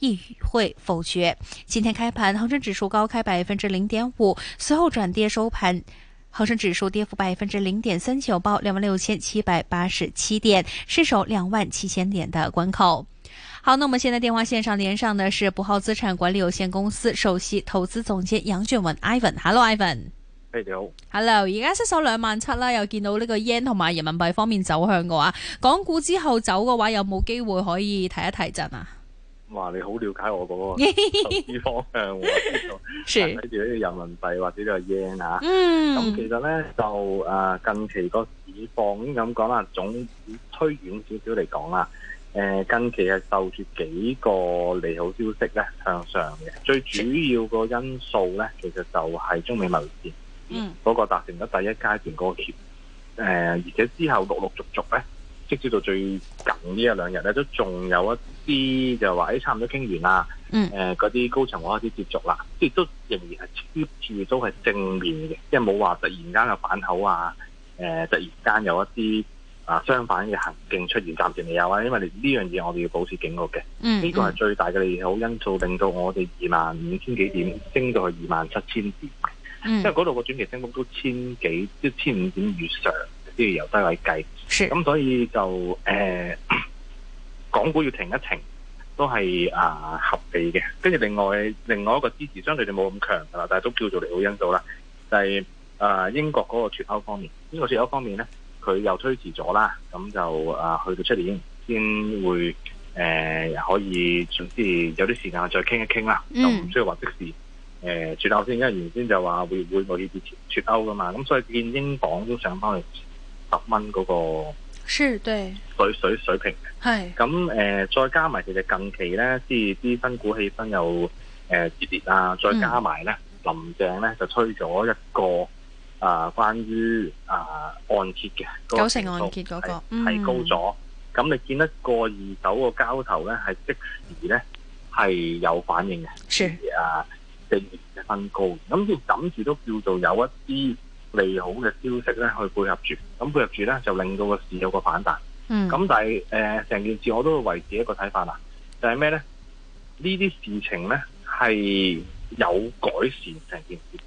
議會否決。今天開盤，恒生指數高開百分之零點五，隨後轉跌收盤，恒生指數跌幅百分之零點三九，報兩萬六千七百八十七點，失守兩萬七千點的關口。好，那我們現在電話線上連上的是博昊資產管理有限公司首席投資總監楊俊文 （Ivan）。Hello，Ivan。Hey, Hello。Hello，而家失守兩萬七啦，又見到呢個 yen 同埋人民幣方面走向嘅話，港股之後走嘅話，有冇機會可以提一提陣啊？話你好了解我嗰個投資方向， 或者睇住啲人民幣或者呢個 yen 啊，咁其實咧就誒近期個市況咁講啦，總推遠少少嚟講啦，誒近期係受住幾個利好消息咧向上嘅，最主要個因素咧其實就係中美貿易戰，嗯，嗰、嗰個達成咗第一階段嗰個協議，誒、呃、而且之後陸陸續續咧。直至到最近呢一兩日咧，都仲有一啲就話啲差唔多傾完啦，嗰、mm. 啲、呃、高層我開始接觸啦，即係都仍然 keep 住，都係正面嘅，即係冇話突然間嘅反口啊、呃，突然間有一啲啊相反嘅行徑出現，暫時未有啊，因為呢樣嘢我哋要保持警覺嘅，呢個係最大嘅利好因素，令到我哋二萬五千幾點升到去二萬七千點，mm. 因為嗰度個轉期升幅都千幾，即千五點以上。即係由低位計，咁所以就誒、呃、港股要停一停，都係啊、呃、合理嘅。跟住另外另外一個支持，相對就冇咁強噶啦，但係都叫做利好因素啦。就係、是、啊、呃、英國嗰個脱歐方面，英國脱歐方面咧，佢又推遲咗啦，咁就啊、呃、去到出年先會誒、呃、可以總之有啲時間再傾一傾啦、嗯，就唔需要話即時誒脱、呃、歐先，因為原先就話會會冇依啲脱脱歐噶嘛。咁所以見英港都想幫佢。十蚊嗰個，是對水水水平嘅，係咁誒，再加埋其實近期咧，啲啲新股氣氛又誒熱烈啊，再加埋咧，林鄭咧就推咗一個啊，關於啊按揭嘅九成按揭嗰個係高咗，咁你見得個二手個交投咧係即時咧係有反應嘅，啊四月嘅新高，咁即係諗住都叫做有一啲。利好嘅消息咧，去配合住，咁配合住咧，就令到個市有個反彈。咁、嗯、但係誒，成、呃、件事我都會維持一個睇法啦。就係咩咧？呢啲事情咧係有改善成件事，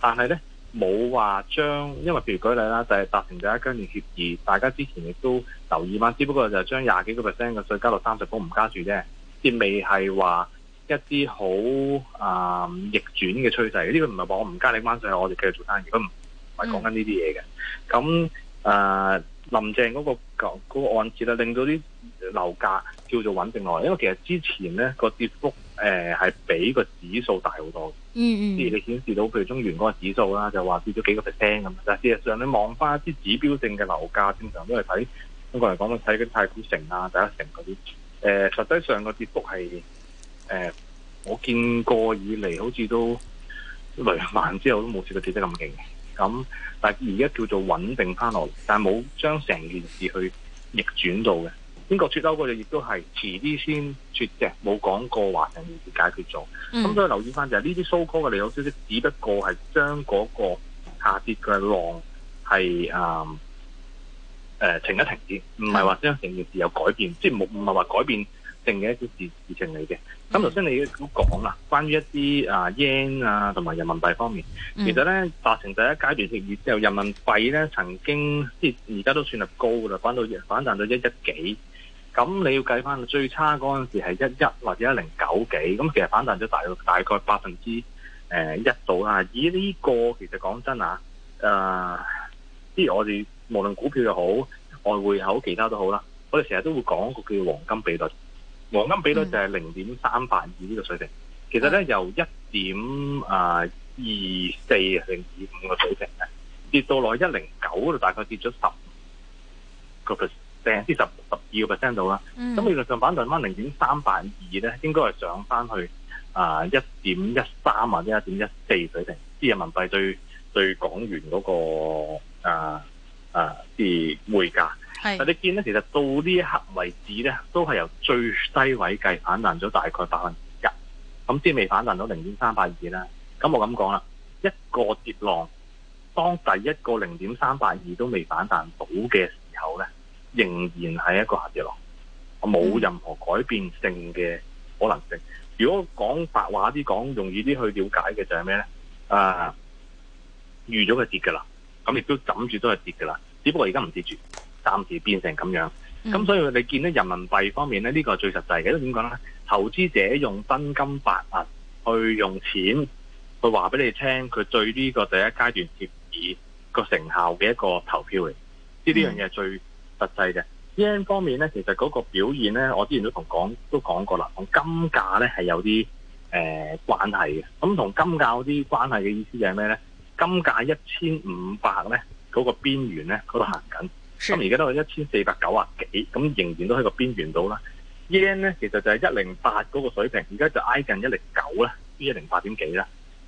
但係咧冇話將，因為譬如舉例啦，就係、是、達成大一跟住協議，大家之前亦都留意返。只不過就將廿幾個 percent 嘅稅加到三十%，唔加住啫，亦未係話一啲好誒逆轉嘅趨勢。呢、這個唔係話我唔加你關稅，所以我哋繼續做生意。如係講緊呢啲嘢嘅，咁誒、呃、林鄭嗰、個、個案件啊，令到啲樓價叫做穩定落嚟，因為其實之前咧、個跌幅誒係比個指數大好多嘅。嗯嗯，而你顯示到譬如中原嗰個指數啦，就話跌咗幾個 percent 咁，但係事實上你望翻一啲指標性嘅樓價，正常都係睇，中港嚟講，我睇嗰啲太古城啊、第一城嗰啲，誒、呃，實際上個跌幅係誒我見過以嚟，好似都雷曼之後都冇試過跌得咁勁。咁，但而家叫做穩定翻落嚟，但冇將成件事去逆轉到嘅。英國脫歐嗰日亦都係遲啲先脫嘅，冇講過話成件事解決咗。咁所以留意翻就係呢啲收高嘅利好消息，只不過係將嗰個下跌嘅浪係誒、呃、停一停先，唔係話將成件事有改變，嗯、即係冇唔係話改變。定嘅一啲事事情嚟嘅，咁頭先你都講啦，關於一啲啊 yen 啊同埋人民幣方面，其實咧達成第一階段協議之後，人民幣咧曾經即而家都算係高噶啦，反到反彈到一一幾，咁你要計翻最差嗰陣時係一一或者一零九幾，咁其實反彈咗大大概百分之一到啦。以呢個其實講真啊，即、呃、啲我哋無論股票又好，外匯又好，其他都好啦，我哋成日都會講個個叫黃金比率。黃金比率就係零點三八二呢個水平，嗯、其實咧、嗯、由一點誒二四零點五個水平咧跌到落去一零九嗰度，大概跌咗十個 percent，即十十二個 percent 度啦。咁理論上反彈翻零點三八二咧，應該係上翻去啊一點一三或者一點一四水平，即係人民幣對對港元嗰、嗰個啊啊即係匯價。係，但你見咧，其實到呢一刻為止咧，都係由最低位計反彈咗大概百分之一，咁先未反彈到零點三八二啦。咁我咁講啦，一個跌浪，當第一個零點三八二都未反彈到嘅時候咧，仍然係一個下跌浪，我冇任何改變性嘅可能性。嗯、如果講白話啲，講容易啲去了解嘅就係咩咧？誒、啊，預咗佢跌噶啦，咁亦都枕住都係跌噶啦，只不過而家唔跌住。暫時變成咁樣，咁、嗯、所以你見到人民幣方面咧呢、呢個係最實際嘅，因為點講咧？投資者用真金白銀去用錢，去話俾你聽，佢對呢個第一階段協議個成效嘅一個投票嚟，呢樣樣嘢係最實際嘅。呢、嗯、日圓方面咧，其實嗰個表現咧，我之前都同講都講過啦，同金價咧係有啲誒、呃、關係嘅。咁同金價嗰啲關係嘅意思就係咩咧？金價一千五百咧嗰個邊緣咧嗰度行緊。咁而家都係一千四百九啊幾，咁仍然都喺個邊緣度啦。yen 咧其實就係一零八嗰個水平，而家就挨近一零九啦，一零八點幾啦。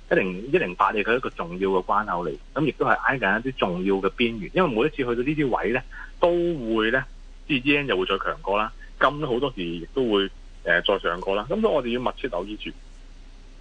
一零一零八亦係一個重要嘅關口嚟，咁亦都係挨近一啲重要嘅邊緣。因為每一次去到呢啲位咧，都會咧，即係 yen 又會再強過啦，金好多時亦都會誒再上過啦。咁所以我哋要密切留意住呢、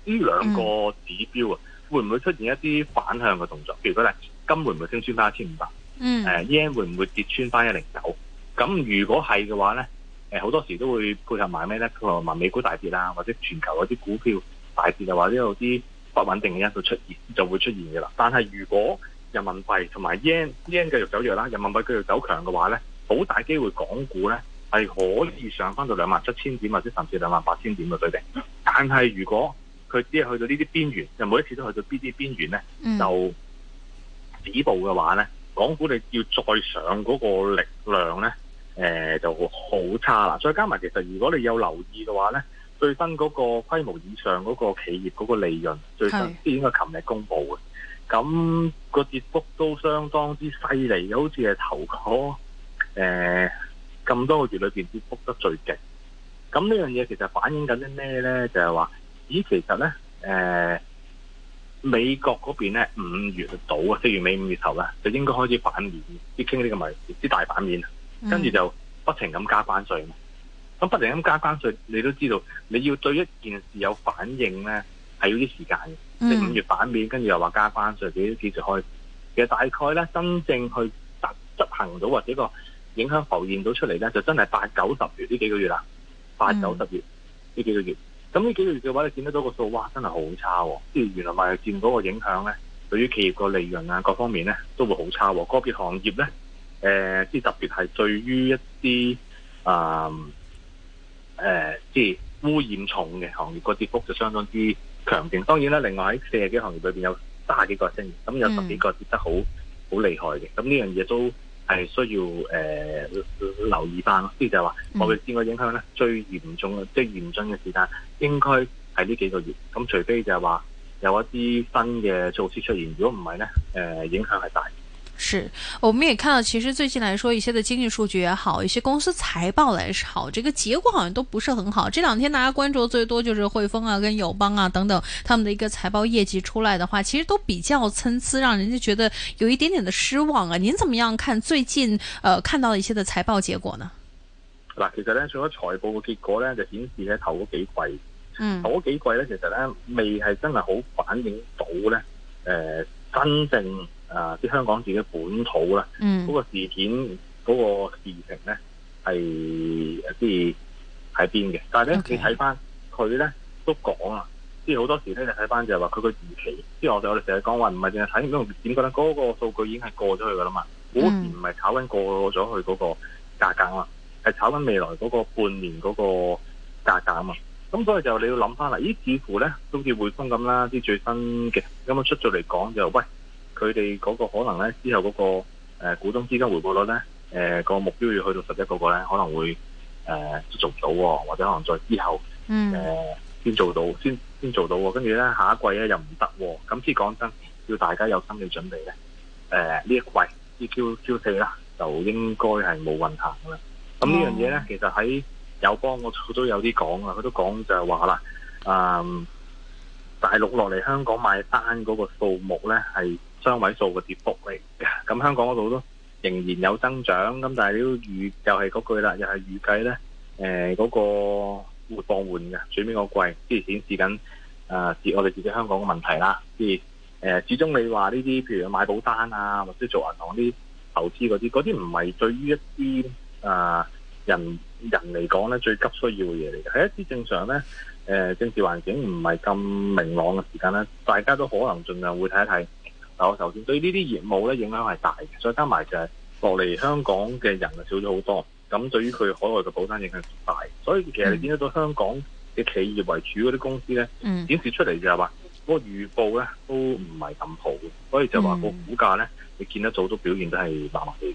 嗯、兩個指標啊，會唔會出現一啲反向嘅動作？譬如佢咧，金會唔會升穿翻一千五百？嗯，yen 會唔會跌穿翻一零九？咁如果係嘅話咧，好多時都會配合埋咩咧？配合埋美股大跌啦、啊，或者全球嗰啲股票大跌就、啊、或者有啲不穩定嘅因素出現就會出現嘅啦。但係如果人民幣同埋 yen yen 繼續走弱啦、啊，人民幣繼續走強嘅話咧，好大機會港股咧係可以上翻到兩萬七千點或者甚至兩萬八千點嘅水平。但係如果佢只係去到呢啲邊緣，又每一次都去到呢啲邊緣咧，mm-hmm. 就止步嘅話咧。港股你要再上嗰個力量呢，呃、就好差啦。再加埋，其實如果你有留意嘅話呢，最新嗰個規模以上嗰個企業嗰個利潤，最新啲應該琴日公布嘅，咁、個跌幅都相當之犀利，好似係頭嗰咁多個月裏邊跌幅得最勁。咁呢樣嘢其實反映緊啲咩呢？就係、是、話咦，其實呢。呃美國嗰邊咧五月到啊，四月尾五月頭咧就應該開始反面，啲傾啲咁咪，啲大反面啊，跟住就不停咁加關稅。咁不停咁加關稅，你都知道你要對一件事有反應咧，係要啲時間嘅。即、嗯就是、五月反面，跟住又話加關稅，幾幾時開？其實大概咧，真正去執執行到或者個影響浮現到出嚟咧，就真係八九十月呢幾個月啦，八九十月呢、嗯、幾個月。咁呢幾個月嘅話，你見得到個數，哇！真係好差，哦，即係原來貿易戰嗰個影響咧，對於企業個利潤啊各方面咧，都會好差，哦。個別行業咧，誒、呃，即特別係對於一啲啊誒，即、呃、係污染重嘅行業，個跌幅就相當之強勁。當然啦，另外喺四十幾行業裏面，有卅幾個升，咁有十幾個跌得好好、嗯、厲害嘅。咁呢樣嘢都。係需要誒、呃、留意翻，即就係話我哋見過影響咧，最嚴重嘅即係嚴峻嘅時間，應該係呢幾個月。咁除非就係話有一啲新嘅措施出現，如果唔係咧，誒、呃、影響係大。是，我們也看到，其實最近來說，一些的經濟數據也好，一些公司財報來說也好，這個結果好像都不是很好。這兩天大家關注的最多就是匯豐啊、跟友邦啊等等他們的一個財報業績出來的話，其實都比較參差，讓人家覺得有一點點的失望啊。您怎麼樣看最近呃看到的一些的財報結果呢？嗱，其實呢，除咗財報嘅結果呢，就顯示呢頭嗰幾季，嗯，頭嗰幾季呢，其實呢，未係真係好反映到呢，誒、呃，真正。啊、即啲香港自己本土啦，嗰、嗯嗰個事件嗰、嗰個事情咧係即係喺邊嘅？但係咧你睇翻佢咧都講啊，即係好多時咧你睇翻就係話佢個預期，即係我哋我哋成日講話唔係淨係睇點點講咧，嗰、嗰個數據已經係過咗去噶啦嘛，果然唔係炒緊過咗去嗰個價格、嗯、個價格嘛，係炒緊未來嗰個半年嗰個價格嘛。咁所以就你要諗翻啦，咦？似乎咧都好似匯豐咁啦，啲最新嘅咁樣出咗嚟講就是、喂。佢哋嗰個可能咧，之後嗰個誒股東資金回報率咧，誒個目標要去到十一嗰個咧，可能會誒都做唔到，或者可能在之後誒先做到，先先做到。跟住咧下一季咧又唔得，咁即係講真，要大家有心理準備咧。誒呢一季即 Q4 啦，就應該係冇運行嘅啦。咁呢樣嘢咧，其實喺友邦我都有啲講啊，佢都講就係話啦，誒大陸落嚟香港買單嗰個數目咧係，雙位數嘅跌幅嚟嘅，咁香港嗰度都仍然有增長，咁但係都預又係嗰句啦，又係預計咧，嗰、呃嗰個會放緩嘅。最尾個季，即係顯示緊誒、呃，我哋自己香港嘅問題啦，即係誒，始終你話呢啲，譬如買保單啊，或者做銀行啲投資嗰啲，嗰啲唔係對於一啲啊、呃、人人嚟講咧最急需要嘅嘢嚟嘅，係一啲正常咧誒、呃、政治環境唔係咁明朗嘅時間咧，大家都可能盡量會睇一睇。首先對呢啲業務咧影響係大嘅，再加埋就係落嚟香港嘅人就少咗好多，咁對於佢海外嘅保單影響大，所以其實你見得到香港嘅企業為主嗰啲公司咧、嗯，顯示出嚟就係話嗰個預報咧都唔係咁好，所以就話個股價咧、嗯、你見得到都表現都係麻麻地。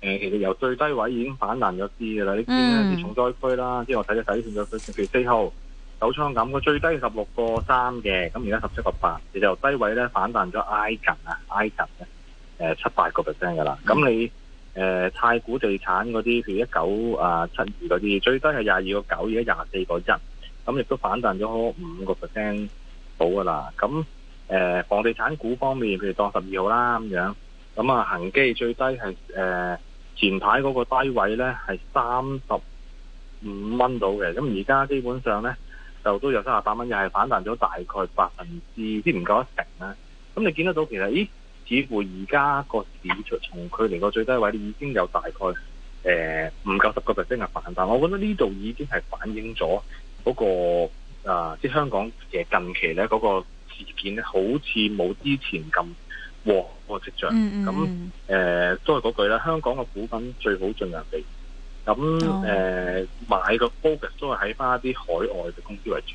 誒、呃，其實由最低位已經反彈咗啲噶啦，呢邊係啲重災區啦。即係我睇咗睇，見咗譬如四號九倉咁，佢最低十六個三嘅，咁而家十七個八，其實由低位咧反彈咗挨近啊，挨近誒七八個 percent 噶啦。咁你誒、呃，太古地產嗰啲，譬如一九啊七二嗰啲，最低係廿二個九，而家廿四個一，咁亦都反彈咗五個 percent 到噶啦。咁誒、呃，房地產股方面，譬如當十二號啦咁樣，咁啊恒基最低係誒。呃前排嗰個低位呢係三十五蚊到嘅，咁而家基本上呢就都有三十八蚊，又係反彈咗大概百分之即唔夠一成啦。咁你見得到其實，咦？似乎而家個市場從佢嚟個最低位已經有大概誒唔、呃、夠十個 percent 嘅反彈。我覺得呢度已經係反映咗嗰、那個、呃、即係香港其實近期呢嗰、那個事件好似冇之前咁旺個跡象，咁誒、嗯嗯呃、都係嗰句啦。香港嘅股份最好盡量避，咁誒、呃哦、買個 focus 都係喺翻一啲海外嘅公司為主。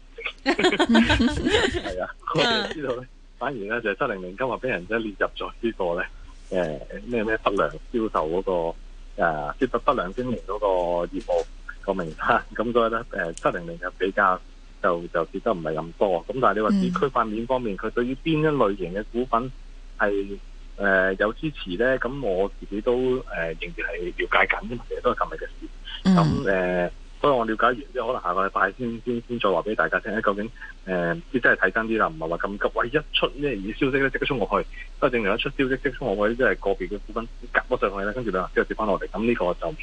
係 啊，我哋知道咧，反而咧就七零零今日俾人即列入咗呢個咧誒咩咩不良銷售嗰、嗰個誒即係不良經營嗰個業務個名單，咁所以咧誒七零零就比較就就跌得唔係咁多，咁但係你話市區方面方面，佢對於邊一類型嘅股份係誒有支持咧，咁我自己都誒仍然係了解緊嘅，其實都係咁嚟嘅事，咁誒。不過 我了解完，即係可能下個禮拜先先先再話俾大家聽咧，究竟誒要、呃、真係睇真啲啦，唔係話咁急。喂，一出咩嘢消息咧，即刻衝過去。不過正常一出消息即刻衝過去，即係個別嘅股份夾咗上去咧，跟住兩日之後跌翻落嚟。咁呢個就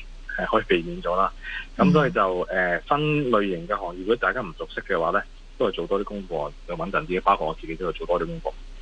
可以避免咗啦。咁所以就誒、呃、新類型嘅行業，如果大家唔熟悉嘅話咧，都係做多啲功課，就穩陣啲。包括我自己都係做多啲功課。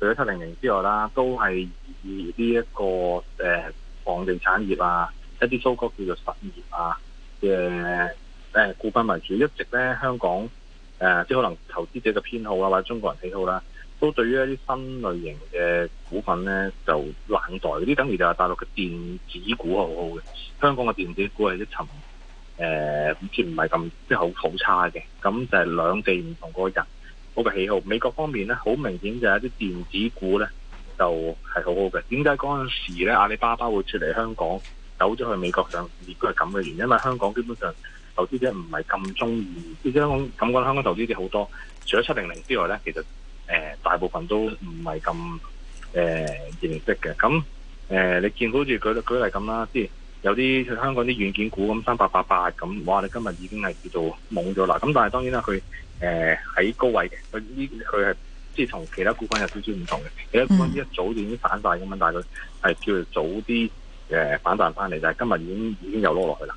除咗七零零之外啦，都係以呢、這、一個誒、呃、房地產業啊，一啲蘇科叫做實業啊嘅誒股份為主，一直咧香港誒、呃、即係可能投資者嘅偏好啊，或者中國人喜好啦，都對於一啲新類型嘅股份咧就冷待，啲等於就係大陸嘅電子股很好好嘅，香港嘅電子股係一層誒好似唔係咁即係好好、就是、差嘅，咁就係兩地唔同個人。嗰個喜好，美國方面咧，好明顯就係一啲電子股咧，就係、是、好好嘅。點解嗰陣時咧，阿里巴巴會出嚟香港走咗去美國上，亦都係咁嘅原因。因為香港基本上投資者唔係咁中意，即係香港感覺香港投資者好多，除咗七零零之外咧，其實、呃、大部分都唔係咁誒認識嘅。咁誒、呃，你見到好似舉舉例咁啦，即有啲香港啲軟件股咁三八八八咁，話你今日已經係叫做懵咗啦。咁但係當然啦，佢、呃、喺高位嘅，佢呢，佢係即係同其他股份有少少唔同嘅。其他股份一早就已經反彈咁樣，但係佢係叫做早啲、呃、反彈翻嚟，就係今日已經已經又落落去啦。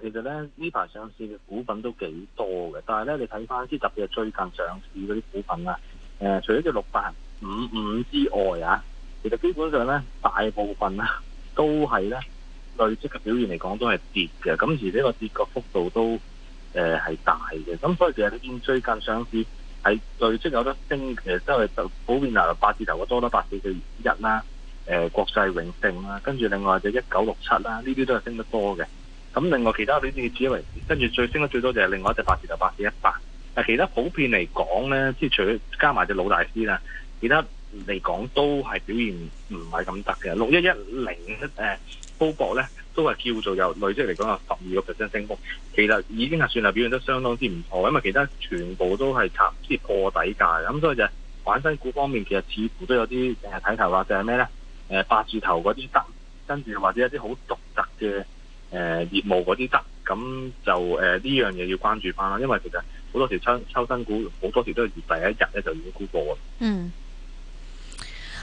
其實咧呢排上市嘅股份都幾多嘅，但係咧你睇翻啲特別係最近上市嗰啲股份啊，誒、呃、除咗隻六八五五之外啊，其實基本上咧大部分啦、啊、都係咧累積嘅表現嚟講都係跌嘅，咁而呢個跌嘅幅度都誒係、呃、大嘅，咁所以其實呢邊最近上市係累積有得升，其實都係普遍嗱八字頭嘅多得八四四一啦，誒國際永勝啦，跟住另外就一九六七啦，呢啲都係升得多嘅。咁另外其他呢啲隻為跟住最升得最多就係另外一隻八字頭八字一八，但其他普遍嚟講咧，即係除咗加埋隻老大師啦，其他嚟講都係表現唔係咁得嘅。六一一零誒高博咧，都係叫做由累積嚟講有十二個 percent 升幅，其實已經係算係表現得相當之唔錯，因為其他全部都係插即破底價咁所以就係、反身股方面，其實似乎都有啲睇、呃、頭，或就係咩咧？八字頭嗰啲得，跟住或者有一啲好獨特嘅。誒、呃，業務嗰啲得，咁就誒呢、呃、樣嘢要關注翻啦。因為其實好多時抽抽新股，好多時都係第一日咧就已經沽過嘅。嗯。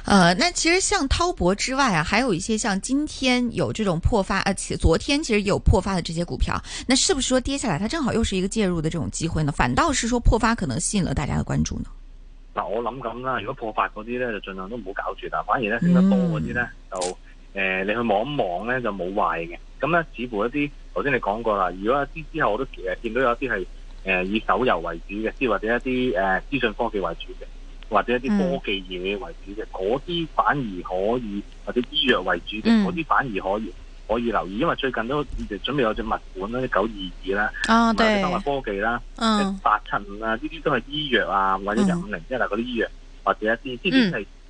誒、呃，那其實像滔博之外啊，還有一些像今天有這種破發，誒、呃，其實昨天其實有破發嘅這些股票，那是不是說跌下來，它正好又是一個介入的這種機會呢？反倒是說破發可能吸引了大家的關注呢？嗱、呃，我諗咁啦，如果破發嗰啲咧，就盡量都唔好搞住啦，反而咧升得多嗰啲咧就。誒、呃，你去望一望咧，就冇壞嘅。咁咧，似乎一啲頭先你講過啦。如果一啲之後我都誒見到有啲係、呃、以手遊為主嘅，即或者一啲誒、呃、資訊科技為主嘅，或者一啲科技嘢為主嘅，嗰、嗯、啲反而可以或者醫藥為主嘅，嗰、嗯、啲反而可以可以留意。因為最近都準備有隻物管啦，啲九二二啦，同埋科技啦，八七五啊，呢、啊、啲都係醫藥啊，或者五零即係嗰啲醫藥或者一啲係。